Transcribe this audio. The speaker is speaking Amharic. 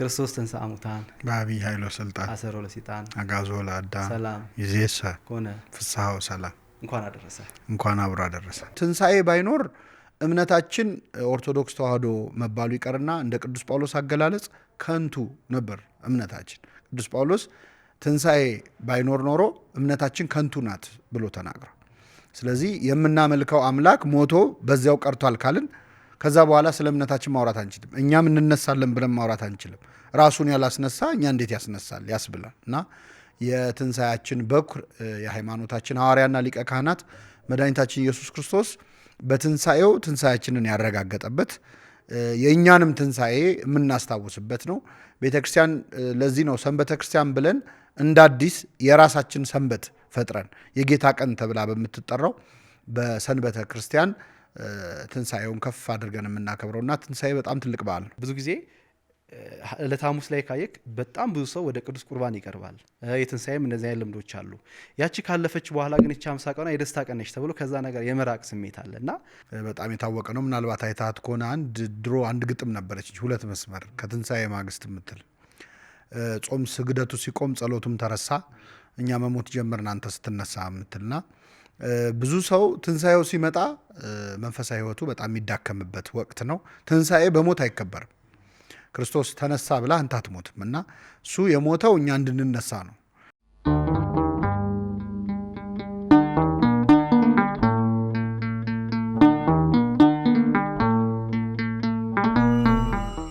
ክርስቶስ ተንሥአ አሙታን በዐቢይ ሀይሎ ስልጣን አሰሮ ለሰይጣን አጋዞ ለአዳም ሰላም ይእዜሰ ኮነ ፍስሐው ሰላም። እንኳን አደረሰ እንኳን አብሮ አደረሰ። ትንሣኤ ባይኖር እምነታችን ኦርቶዶክስ ተዋህዶ መባሉ ይቀርና እንደ ቅዱስ ጳውሎስ አገላለጽ ከንቱ ነበር እምነታችን። ቅዱስ ጳውሎስ ትንሣኤ ባይኖር ኖሮ እምነታችን ከንቱ ናት ብሎ ተናግሯል። ስለዚህ የምናመልከው አምላክ ሞቶ በዚያው ቀርቷል ካልን ከዛ በኋላ ስለ እምነታችን ማውራት አንችልም፣ እኛም እንነሳለን ብለን ማውራት አንችልም። ራሱን ያላስነሳ እኛ እንዴት ያስነሳል ያስብላል እና የትንሣያችን በኩር የሃይማኖታችን ሐዋርያና ሊቀ ካህናት መድኃኒታችን ኢየሱስ ክርስቶስ በትንሣኤው ትንሣያችንን ያረጋገጠበት የእኛንም ትንሣኤ የምናስታውስበት ነው። ቤተ ክርስቲያን ለዚህ ነው ሰንበተ ክርስቲያን ብለን እንደ አዲስ የራሳችን ሰንበት ፈጥረን የጌታ ቀን ተብላ በምትጠራው በሰንበተ ክርስቲያን ትንሣኤውን ከፍ አድርገን የምናከብረው እና ትንሣኤ በጣም ትልቅ በዓል ነው። ብዙ ጊዜ ዕለተ ሐሙስ ላይ ካየክ በጣም ብዙ ሰው ወደ ቅዱስ ቁርባን ይቀርባል። የትንሣኤም እንደዚህ አይነት ልምዶች አሉ። ያቺ ካለፈች በኋላ ግን ይቺ ሀምሳ ቀኗ የደስታ ቀነች ተብሎ ከዛ ነገር የመራቅ ስሜት አለ እና በጣም የታወቀ ነው። ምናልባት አይታት ከሆነ አንድ ድሮ አንድ ግጥም ነበረች ሁለት መስመር ከትንሣኤ ማግስት የምትል ጾም ስግደቱ ሲቆም ጸሎቱም ተረሳ፣ እኛ መሞት ጀመርን አንተ ስትነሳ የምትልና ብዙ ሰው ትንሣኤው ሲመጣ መንፈሳዊ ህይወቱ በጣም የሚዳከምበት ወቅት ነው። ትንሣኤ በሞት አይከበርም። ክርስቶስ ተነሳ ብላ አንተ አትሞትም እና እሱ የሞተው እኛ እንድንነሳ ነው።